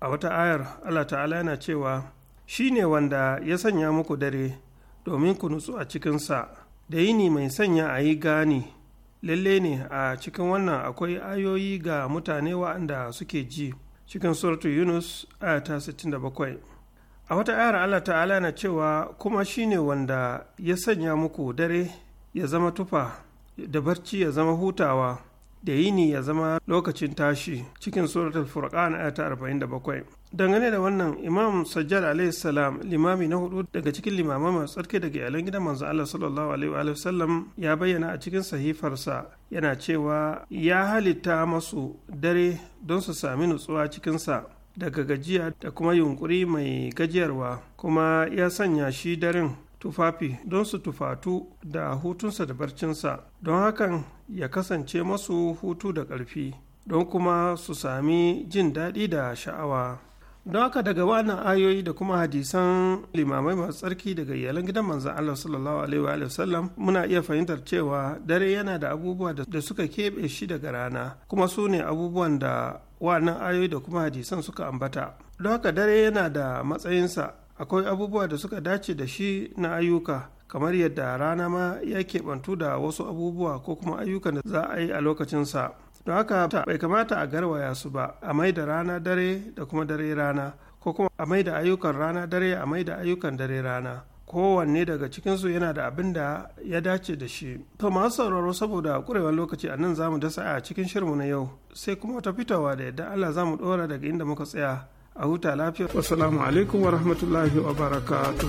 a wata ayar Allah ta'ala yana cewa shi ne wanda ya sanya muku dare domin ku nutsu a cikinsa da yini mai sanya a yi gani lalle ne a cikin wannan akwai ayoyi ga mutane wa'anda suke ji cikin suratu yunus aya ta 67 a wata ayar allah ta'ala na cewa kuma shi ne wanda ya sanya muku dare ya zama tufa da barci ya zama hutawa da yini ya zama lokacin tashi cikin suratul furqan ayat 47 dangane da wannan imam sajjad alayhi salam limami na hudu daga cikin limamai masu tsarki daga iyalan gidan manzo Allah sallallahu alaihi wa sallam ya bayyana a cikin sahifarsa yana cewa ya halitta masu dare don su sami nutsuwa cikinsa daga gajiya da kuma yunkuri mai gajiyarwa kuma ya sanya shi darin. tufafi don su tufatu da hutunsa da barcinsa don hakan ya kasance masu hutu da ƙarfi don kuma su sami jin daɗi da sha'awa don haka daga wannan ayoyi da kuma hadisan limamai masu tsarki daga iyalan gidan manzan Allah sallallahu alaihi wa sallam muna iya fahimtar cewa dare yana da abubuwa da suka keɓe shi daga rana kuma su ne abubuwan da wannan ayoyi da kuma hadisan suka ambata don haka dare yana da matsayinsa akwai abubuwa da suka dace da shi na ayyuka kamar yadda rana ma ya keɓantu da wasu abubuwa ko kuma ayyukan da za a yi a lokacinsa don haka bai kamata a garwaya su ba a mai da rana dare da kuma dare rana ko kuma a mai da ayyukan rana dare a mai da ayyukan dare rana kowanne daga cikinsu yana da abin da ya dace da shi to masu sauraro saboda kurewar lokaci a nan za mu dasa a cikin shirmu na yau sai kuma wata fitowa da yadda allah za mu ɗora daga inda muka tsaya a huta lafiya wasalamu alaikum wa rahmatullahi wa barakatu.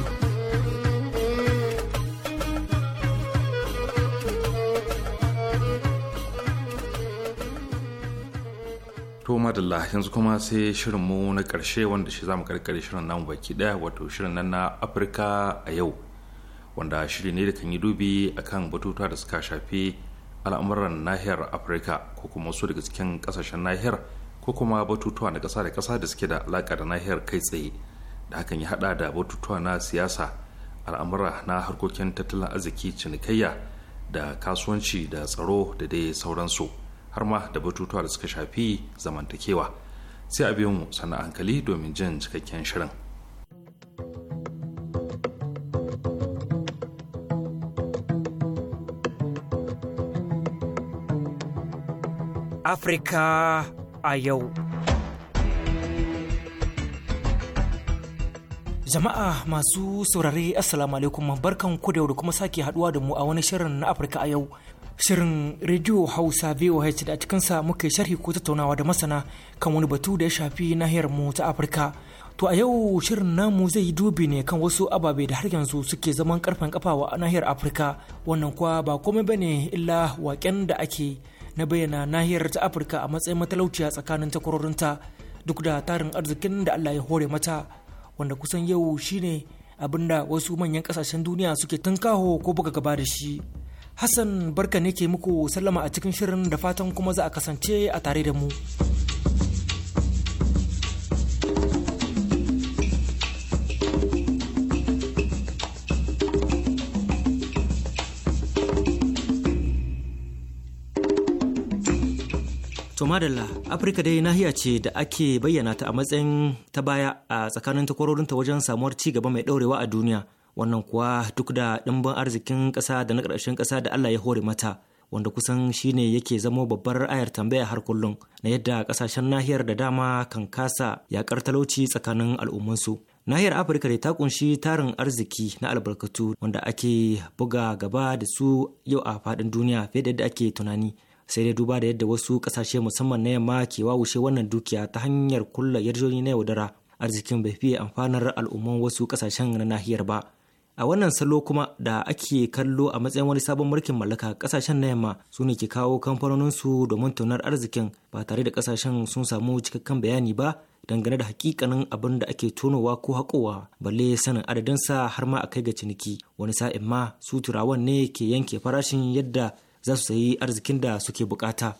to madalla yanzu kuma sai shirinmu na ƙarshe wanda shi zamu karkare shirin namu baki ɗaya wato shirin nan na afirka a yau wanda shiri ne da kan yi dubi akan batutuwa da suka shafi al'amuran nahiyar afirka ko kuma su daga cikin ƙasashen nahiyar ko kuma batutuwa na ƙasa da ƙasa da suke da alaƙa da nahiyar kai tsaye da hakan ya haɗa da batutuwa na siyasa al'amura na harkokin tattalin arziki cinikayya da kasuwanci da tsaro da dai sauransu har ma da batutuwa da suka shafi zamantakewa sai a biyo mu sana hankali domin jin cikakken shirin Africa a yau. Jama'a masu saurare Assalamu alaikum barkan ku da yau da kuma sake haduwa da mu a wani shirin na Afirka a yau. Shirin Radio Hausa VOH da a cikinsa muke sharhi ko tattaunawa da masana kan wani batu da ya shafi nahiyar mu ta Afirka. To a yau shirin namu zai yi dubi ne kan wasu ababe da har yanzu suke zaman karfen kafawa a nahiyar Afirka wannan kuwa ba komai bane illa waken da ake na bayyana nahiyar ta afirka a matsayin matalauciya tsakanin takwarorinta duk da tarin arzikin da allah ya hore mata wanda kusan yau shine abin da wasu manyan kasashen duniya suke tunkaho ko buga gaba da shi hassan barka ne ke muku sallama a cikin shirin da fatan kuma za a kasance a tare da mu. To madalla Afirka dai nahiya ce da ake bayyana ta a matsayin ta baya a tsakanin takwarorinta wajen samuwar ci gaba mai ɗaurewa a duniya. Wannan kuwa duk da ɗimbin arzikin ƙasa da na ƙarshen ƙasa da Allah ya hore mata, wanda kusan shine yake zamo babbar ayar tambaya har kullum na yadda ƙasashen nahiyar da dama kan kasa yaƙar talauci tsakanin al'ummansu. Nahiyar Afirka dai ta kunshi tarin arziki na albarkatu wanda ake buga gaba da su yau a faɗin duniya fiye da yadda ake tunani. sai dai duba da yadda wasu kasashe musamman na yamma ke wawushe wannan dukiya ta hanyar kulla yarjoni na yaudara arzikin bai fiye amfanar al'umman wasu kasashen na nahiyar ba a wannan salo kuma da ake kallo a matsayin wani sabon mulkin mallaka kasashen na yamma su ne ke kawo kamfanoninsu domin tunar arzikin ba tare da kasashen sun samu cikakken bayani ba dangane da hakikanin abin da ake tonowa ko haƙowa balle sanin adadinsa har ma a kai ga ciniki wani sa'in ma su turawan ne ke yanke farashin yadda za su sayi arzikin da suke bukata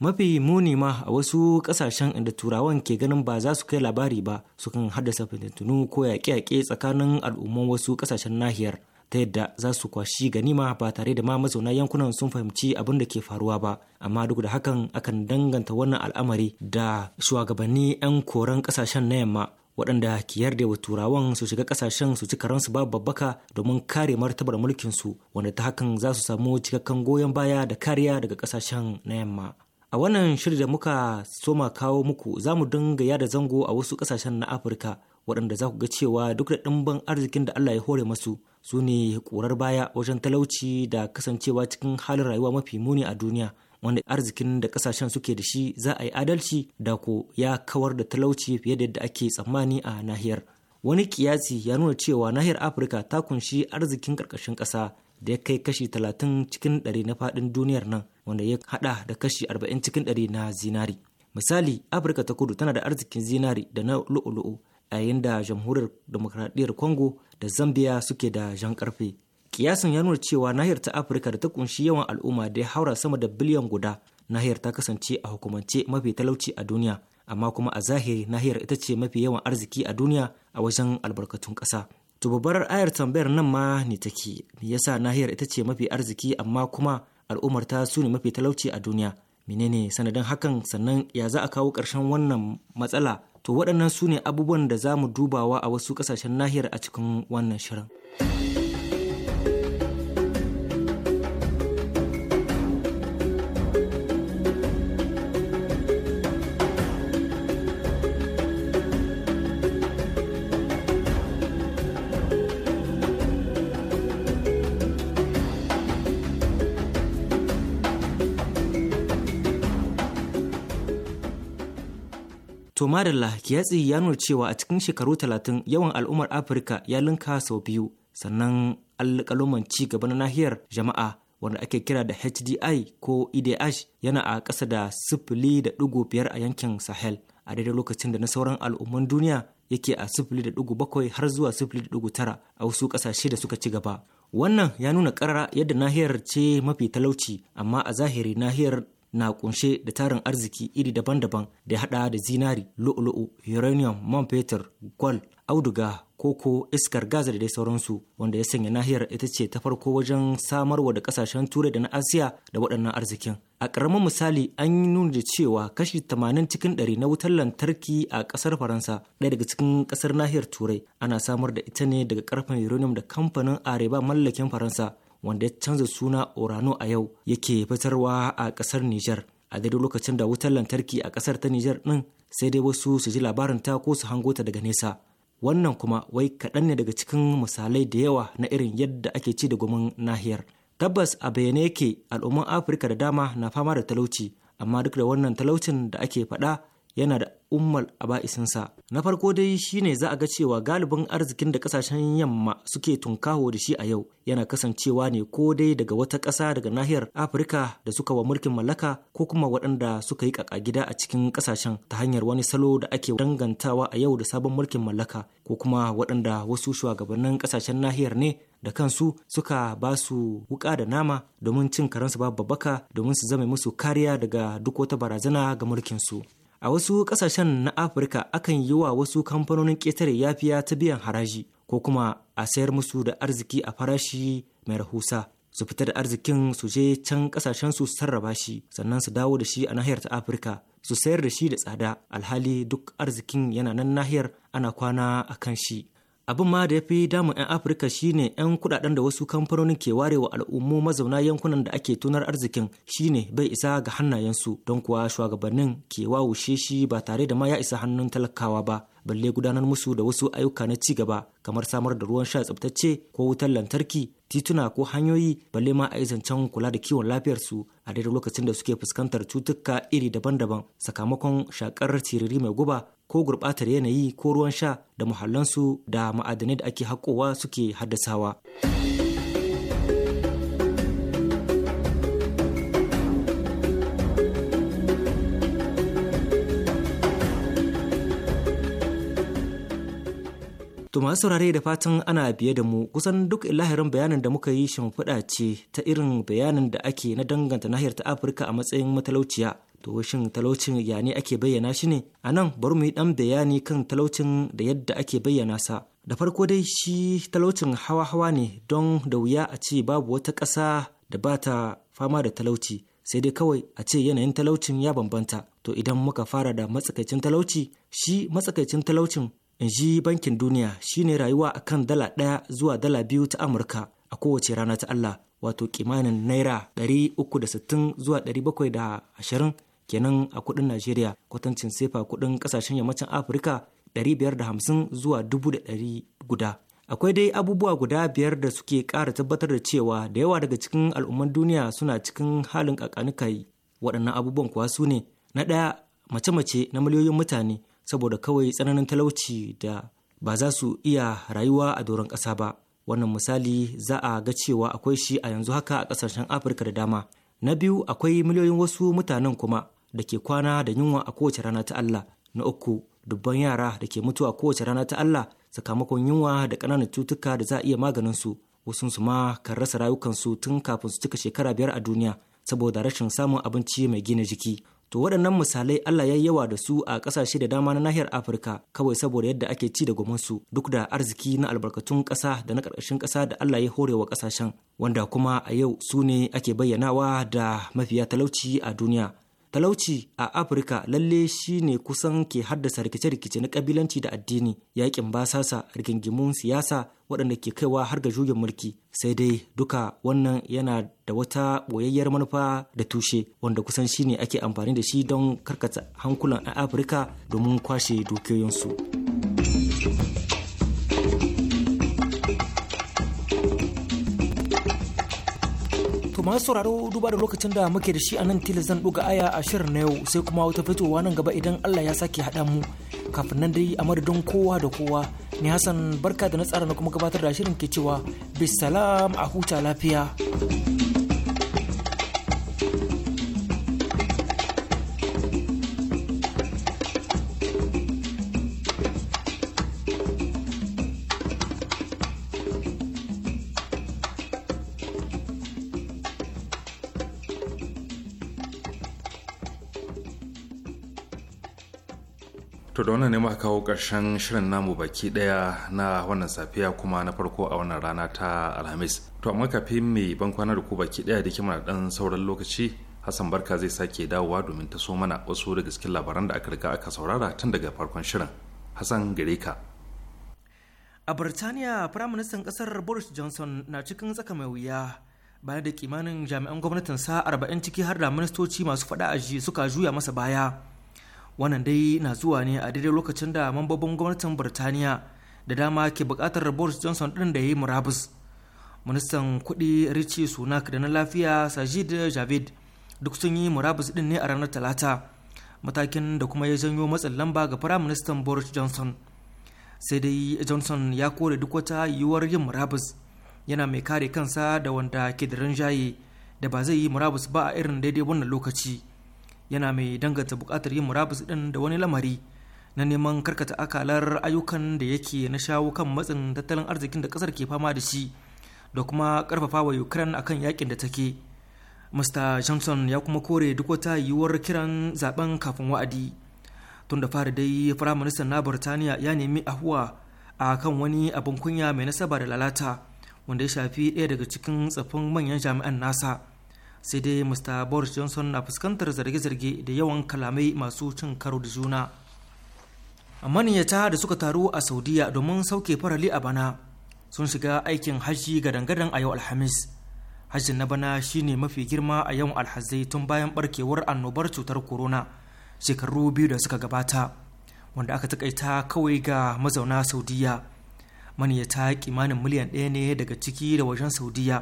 mafi muni ma a wasu kasashen inda turawan ke ganin ba za su kai labari ba sukan haddasa fitintunu ko yaƙe-yaƙe tsakanin al'umman wasu kasashen nahiyar ta yadda za su kwashi ganima ba tare da ma mazauna yankunan sun fahimci abin da ke faruwa ba amma duk da hakan akan danganta wannan al'amari da shugabanni 'yan koren kasashen na yamma waɗanda ki yarda wa turawan su shiga ƙasashen su ci karansu babu babbaka domin kare martabar su wanda ta hakan za su samu cikakken goyon baya da kariya daga ƙasashen na yamma a wannan shirin da muka soma kawo muku za mu dinga yada zango a wasu ƙasashen na afirka waɗanda za ku ga cewa duk da ɗimban arzikin da allah ya hore masu su ne ƙurar baya wajen talauci da kasancewa cikin halin rayuwa mafi muni a duniya wanda arzikin da kasashen suke da shi za a yi adalci da ko ya kawar da talauci fiye da yadda ake tsammani a nahiyar wani kiyasi ya nuna cewa nahiyar afirka ta kunshi arzikin karkashin ƙasa da ya kai kashi 30 cikin 100 na faɗin duniyar nan wanda ya haɗa da kashi 40 cikin 100 na zinari misali afirka ta kudu tana da arzikin zinari da na lu'ulu'u yayin da jamhuriyar demokradiyyar congo da zambia suke da jan karfe kiyasin ya nuna cewa nahiyar ta afirka da ta kunshi yawan al'umma da ya haura sama da biliyan guda nahiyar ta kasance a hukumance mafi talauci a duniya amma kuma a zahiri nahiyar ita ce mafi yawan arziki a duniya a wajen albarkatun kasa to babbar ayar tambayar nan ma ne take me yasa nahiyar ita ce mafi arziki amma kuma al'ummar ta su ne mafi talauci a duniya menene sanadin hakan sannan ya za a kawo karshen wannan matsala to waɗannan su ne abubuwan da za mu dubawa a wasu kasashen nahiyar a cikin wannan shirin. Somalila Marilla kiyatsi ya nuna cewa a cikin shekaru talatin yawan al'ummar Afirka ya linka sau biyu sannan alƙaluman ci gaba na nahiyar jama'a wanda ake kira da HDI ko EDH yana a ƙasa da sifili da ɗugu biyar a yankin Sahel a daidai lokacin da na sauran al'umman duniya yake a sifili da ɗigo bakwai har zuwa sifili da ɗigo tara a wasu ƙasashe da suka ci gaba. Wannan ya nuna ƙarara yadda nahiyar ce mafi talauci amma a zahiri nahiyar na kunshe da tarin arziki iri daban-daban da ya hada da zinari lu'u-lu'u uranium man fetur gwal auduga koko iskar gaza da dai sauransu wanda ya sanya nahiyar ita ce ta farko wajen samarwa da kasashen turai da na asiya da waɗannan arzikin a ƙaramin misali an yi nuna da cewa kashi 80 cikin 100 na wutar lantarki a ƙasar faransa ɗaya daga cikin ƙasar nahiyar turai ana samar da ita ne daga ƙarfen uranium da kamfanin areba mallakin faransa wanda ya canza suna Orano a yau yake fitarwa a ƙasar Nijar. A daidai lokacin da wutar lantarki a ƙasar ta Nijar ɗin sai dai wasu su ji labarin ta ko su hango ta daga nesa. Wannan kuma wai kaɗan ne daga cikin misalai da yawa na irin yadda ake ci da gumin nahiyar. Tabbas a bayyane yake al'umman Afirka da dama na fama da talauci, amma duk da wannan talaucin da ake faɗa yana da ummal aba'isinsa na farko dai shine za a ga cewa galibin arzikin da kasashen yamma suke tunkaho da shi a yau yana kasancewa ne ko dai daga wata ƙasa daga nahiyar afirka da suka wa mulkin mallaka ko kuma waɗanda suka yi ƙaƙa gida a cikin ƙasashen ta hanyar wani salo da ake dangantawa a yau da sabon mulkin mallaka ko kuma waɗanda wasu shugabannin ƙasashen nahiyar ne da kansu suka ba su wuƙa da nama domin cin karansu babu babbaka domin su zame musu kariya daga duk wata barazana ga mulkinsu. A wasu ƙasashen na Afirka akan yi wa wasu kamfanonin ƙetare yafiya ta biyan haraji ko kuma a sayar musu da arziki a farashi mai rahusa. su fita da arzikin su je can ƙasashen su sarrafa shi sannan su dawo da shi a nahiyar ta afirka su sayar da shi da tsada alhali duk arzikin yana nan nahiyar ana kwana a kan shi abin ma da ya fi damun 'yan afirka shine 'yan kudaden da wasu kamfanonin ke warewa al'ummu mazauna yankunan da ake tunar arzikin shine bai isa ga hannayensu don kuwa shugabannin ke wawushe shi ba tare da ma ya isa hannun talakawa ba balle gudanar musu da wasu ayyuka na ci gaba kamar samar da ruwan sha tsabtacce ko wutar lantarki tituna ko hanyoyi balle ma a zancen kula da kiwon lafiyarsu a daidai lokacin da suke fuskantar cutuka iri daban-daban sakamakon shakar siriri mai guba ko gurɓatar yanayi ko ruwan sha da muhallansu da ma'adanai da ake haƙowa suke haddasawa. To masu saurare da fatan ana biye da mu kusan duk lahirin bayanin da muka yi shimfiɗa ce ta irin bayanin da ake na danganta nahiyar ta Afirka a matsayin matalauciya to shin talaucin ya ne ake bayyana shi ne a nan bari mu yi ɗan bayani kan talaucin da yadda ake bayyana sa da farko dai shi talaucin hawa-hawa ne don da wuya a ce babu wata ƙasa da ba ta fama da talauci sai dai kawai a ce yanayin talaucin ya bambanta to idan muka fara da matsakaicin talauci shi matsakaicin talaucin in ji bankin duniya shine rayuwa akan dala ɗaya zuwa dala biyu ta amurka a kowace rana ta allah wato kimanin naira 360 zuwa 720 kenan a kuɗin najeriya kwatancin sefa kuɗin ƙasashen yammacin afirka 550 zuwa 100 guda akwai dai abubuwa guda biyar da suke ƙara tabbatar da cewa da yawa daga cikin al'umman duniya suna cikin halin kakanikai waɗannan abubuwan kuwa su ne na ɗaya mace-mace na miliyoyin mutane saboda kawai tsananin talauci da ba za su iya rayuwa a doron ƙasa ba wannan misali za a ga cewa akwai shi a yanzu haka a ƙasashen afirka da dama na biyu akwai miliyoyin wasu mutanen kuma da ke kwana da yunwa a kowace rana ta Allah na uku dubban yara da ke mutuwa kowace rana ta Allah sakamakon yunwa da ƙananan cutuka da za a iya maganin su wasu su ma kan rasa rayukansu tun kafin su cika shekara biyar a duniya saboda rashin samun abinci mai gina jiki to waɗannan misalai Allah ya yi yawa da su a ƙasashe da dama na nahiyar Afirka kawai saboda yadda ake ci da su duk da arziki na albarkatun ƙasa da na ƙarƙashin ƙasa da Allah ya horewa ƙasashen wanda kuma a yau su ne ake bayyanawa da mafiya talauci a duniya talauci a afirka lalle shi ne kusan ke haddasa rikice-rikice na kabilanci da addini yakin basasa rigingimun siyasa waɗanda ke kaiwa har ga juyin mulki sai dai duka wannan yana da wata ɓoyayyar manufa da tushe wanda kusan shi ne ake amfani da shi don karkata hankulan a afirka domin kwashe dukiyoyinsu. masu sauraro duba da lokacin da muke da shi a nan tilis zan ɗuga aya a shirin na yau sai kuma wata fitowa nan gaba idan Allah ya sake haɗa mu kafin nan dai a madadin kowa da kowa ni Hassan barka da na tsara na kuma gabatar da shirin ke cewa bisalam a huta lafiya. da wannan ne muka kawo karshen shirin namu baki ɗaya na wannan safiya kuma na farko a wannan rana ta alhamis to amma kafin mai ban kwana da ku baki ɗaya da kima ɗan sauran lokaci hassan barka zai sake dawowa domin ta so mana wasu daga cikin labaran da aka riga aka saurara tun daga farkon shirin hassan gare ka a birtaniya firaministan kasar boris johnson na cikin tsaka mai wuya bayan da kimanin jami'an gwamnatin sa arba'in ciki har da ministoci masu fada a suka juya masa baya wannan dai na zuwa ne a daidai lokacin da mambobin gwamnatin birtaniya da dama ke bukatar boris johnson din da ya yi murabus ministan kuɗi rishi sunak da na lafiya sajid javid duk sun yi murabus din ne a ranar talata matakin da kuma ya janyo matsin lamba ga firaministan boris johnson sai dai johnson ya kore duk wata yiwuwar yin murabus yana mai kare kansa da wanda ke da rinjaye da ba zai yi murabus ba a irin daidai wannan lokaci yana mai danganta bukatar yin murabus ɗin da wani lamari na neman karkata akalar ayyukan da yake na shawo kan matsin tattalin arzikin da ƙasar ke fama da shi da kuma karfafa wa ukraine akan yakin da take mr johnson ya kuma kore duk wata yiwuwar kiran zaben kafin wa'adi tun da fara dai firaministan na burtaniya ya nemi ahuwa a kan wani abin kunya mai nasaba da lalata wanda ya shafi ɗaya daga cikin tsaffin manyan jami'an nasa sai dai mista boris johnson na fuskantar zarge-zarge da yawan kalamai masu cin karo da juna maniyata da suka taru a saudiya domin sauke farali a bana sun shiga aikin hajji gadan-gadan a yau alhamis hajjin na bana shine mafi girma a yawan alhazai tun bayan barkewar annobar cutar corona shekaru biyu da suka gabata wanda aka takaita kawai ga mazauna saudiya maniyata kimanin miliyan ɗaya ne daga ciki da wajen saudiya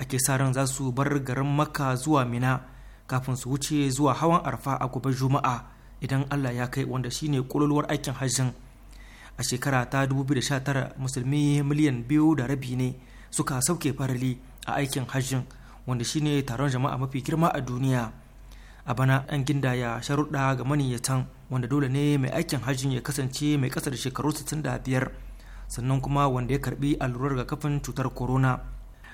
ake sa ran za su bar garin makka zuwa mina kafin su wuce zuwa hawan arfa a gobe juma'a idan allah ya kai wanda shine kololuwar aikin hajjin a shekara ta 2019 musulmi miliyan biyu da rabi ne suka sauke farali a aikin hajjin wanda shine taron jama'a mafi girma a duniya a bana an ya sharuɗa ga maniyatan wanda dole ne mai aikin hajjin ya kasance mai ƙasa da shekaru 65 sannan kuma wanda ya karbi allurar ga kafin cutar corona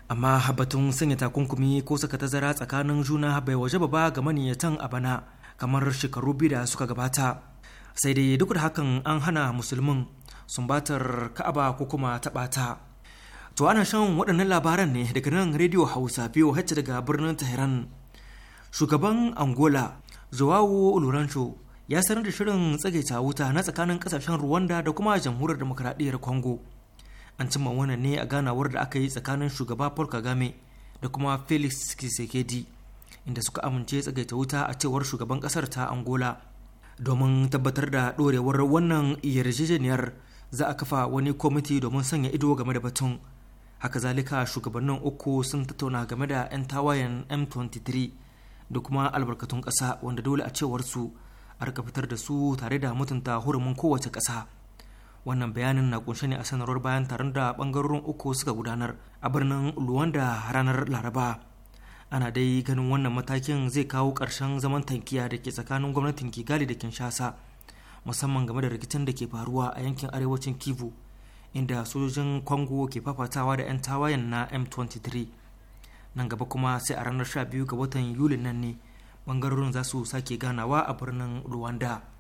amma batun sanya takunkumi ko saka tazara tsakanin juna bai waje ba ga maniyatan a bana kamar shekaru biyu da suka gabata sai dai duk da hakan an hana musulmin sumbatar ka'aba ko kuma taɓata. to ana shan waɗannan labaran ne daga nan rediyo hausa biyu hacce daga birnin tehran shugaban angola zuwawo olurancho ya sanar da shirin tsagaita wuta na tsakanin ƙasashen ruwanda da kuma jamhuriyar demokradiyyar congo an cimma wannan ne a ganawar da aka yi tsakanin shugaba paul kagame da kuma felix kisekedi inda suka amince tsagaita wuta a cewar shugaban kasar ta angola domin tabbatar da dorewar wannan yarjejeniyar za a kafa wani kwamiti domin sanya ido game da batun haka zalika shugabannin uku sun tattauna game da 'yan tawayen m23 da kuma albarkatun ƙasa wanda dole a cewar su a fitar da su tare da mutunta hurumin kowace kasa. wannan bayanin na kunshe ne a sanarwar bayan taron da bangarorin uku suka gudanar a birnin luwanda ranar laraba ana dai ganin wannan matakin zai kawo ƙarshen zaman tankiya da ke tsakanin gwamnatin kigali da kinshasa musamman game da rikicin da ke faruwa a yankin arewacin kivu inda sojojin kwango ke fafatawa da 'yan tawayen na m23 nan gaba kuma sai a ranar 12 ga watan yuli nan ne bangarorin za su sake ganawa a birnin luwanda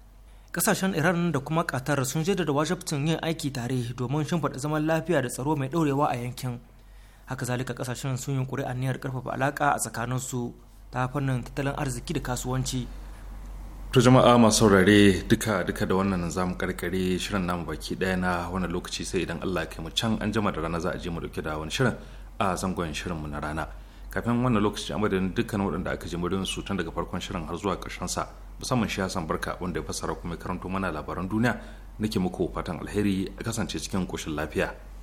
kasashen iran da kuma qatar sun da wajabcin yin aiki tare domin shimfiɗa zaman lafiya da tsaro mai ɗorewa a yankin haka zalika kasashen sun yi niyyar karfafa alaka a tsakaninsu ta fannin tattalin arziki da kasuwanci to jama'a masu saurare duka duka da wannan zamu karkare shirin namu baki ɗaya na wannan lokaci sai idan Allah ya kai mu can an jima da rana za a je mu dauke da wani shirin a zangon shirin mu na rana kafin wannan lokaci a madadin dukkan waɗanda aka ji murin su tun daga farkon shirin har zuwa ƙarshen sa musamman shi Hassan Barka wanda ya fassara kuma karanto mana labaran duniya nake muku fatan alheri a kasance cikin koshin lafiya